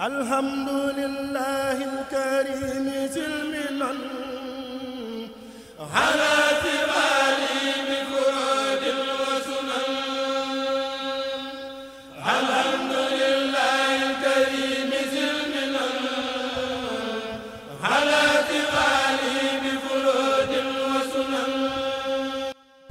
الحمد لله الكريم سلمنا على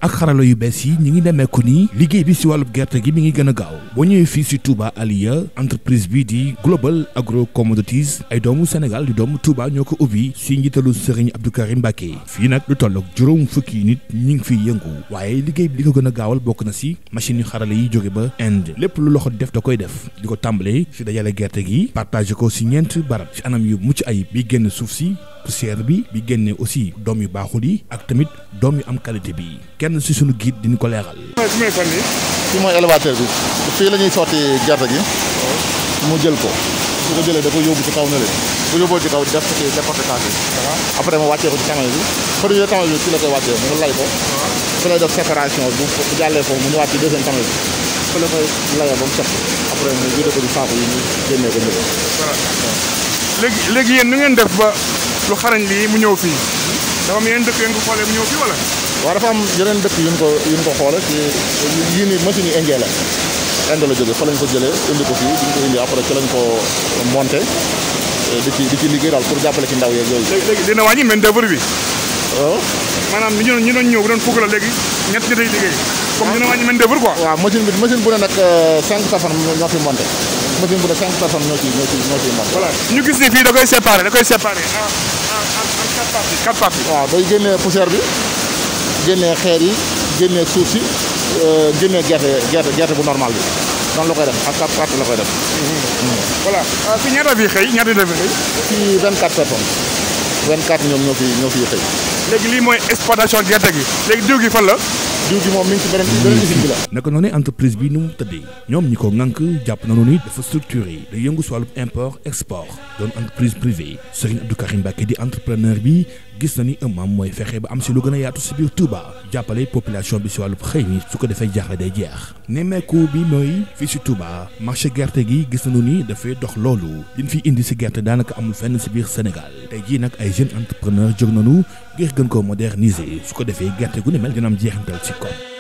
ak xarala yu bees yi ñu ngi demeeku ni liggéey bi si wàllub gerte gi mi ngi gën a gaaw boo ñëwee fii si Touba Aliya entreprise bi di Global Agro Commodities ay doomu Sénégal di doomu Touba ñoo ko ubbi si njiitalu Serigne Abdou Karim Mbacké fii nag lu tollook juróom fukki nit ñu ngi fiy yëngu waaye liggéey bi li ko gën a gaawal bokk na si machine yu xarala yi jóge ba Inde lépp lu loxo def da koy def di ko tàmbalee si dajale gerte gi partagé ko si ñeent barab si anam yu mucc ayib bi génn suuf si poussière bi bi génne aussi doom yu baaxul yi ak tamit doom yu am qualité bi kenn si suñu guide diñ ko leeral. fi may fan fii mooy élévateur bi fii la ñuy sotti gerte gi. mu jël ko. su ko jëlee da ko yóbbu ci kaw na leen. bu yóbboo ci kaw def ko ci déporté bi. après mu wàccee ko ci camion bi. bi ci la koy wàccee mu lay ko. fi lay def séparation bu bu jàllee foofu mu ñëwaat ci bi. fi la koy layoo ba mu set. après mu jëlee ko ci saako yi ñu génnee ko léegi léegi yéen nu ngeen def ba. lu xarañ lii mu ñëw fii dafa am yeneen dëkk yu ñu ko xoolee mu ñëw fii wala. waaw dafa am yeneen dëkk yu ñu ko yu ko xoolee ci yii nii machine yi indee la inde la jógee lañ ko jëlee indi ko fii lañ ko monté eh, di ci di ci liggéey daal pour jàppale ci ndaw yeeg yooyu. léegi léegi dina wàññi main d'œuvre bi. waaw. maanaam ñu doon ñu doon ñëw bu doon bu ne nag euh, cinq personnes ñoo fi monté machine bu ne cinq personnes ñoo ci ñoo ci ñu gis ni fii da koy séparé da koy séparé ah. quatre parties waaw day génne poussière bi génne xeer yi génnee suuf si euh, génnee gerte gerte gerte bu normal bi noonu la koy def ak quatre parties la koy def. voilà euh, fi ñaata bi xëy ñaata bi xëy. fii 24 personnes 24 ñoom ñoo fi ñoo fi xëy. léegi lii mooy exploitation gerte gi léegi diw gi fan la. diw naka noonu entreprise bi nu mu tëddee ñoom ñi ko nank jàpp na nañu ni dafa structuré day yëngu si wàllum import export doon entreprise privée Serigne Abdou Karim Mbacké di entrepreneur bi gis na ni ëmmam mooy fexe ba am si lu gën a yaatu si biir Touba jàppale population bi si wàllu xëy mi su ko defee jaaxle day jeex nemmeeku bi mooy fii si Touba marché gerte gi gis nañu ni dafay dox loolu liñ fi indi si gerte daanaka amul fenn si biir Sénégal tey jii nag ay jeunes entrepreneurs jóg nañu ngir gën ko moderniser su ko defee gerte gu ni mel dina am jeexantal si koom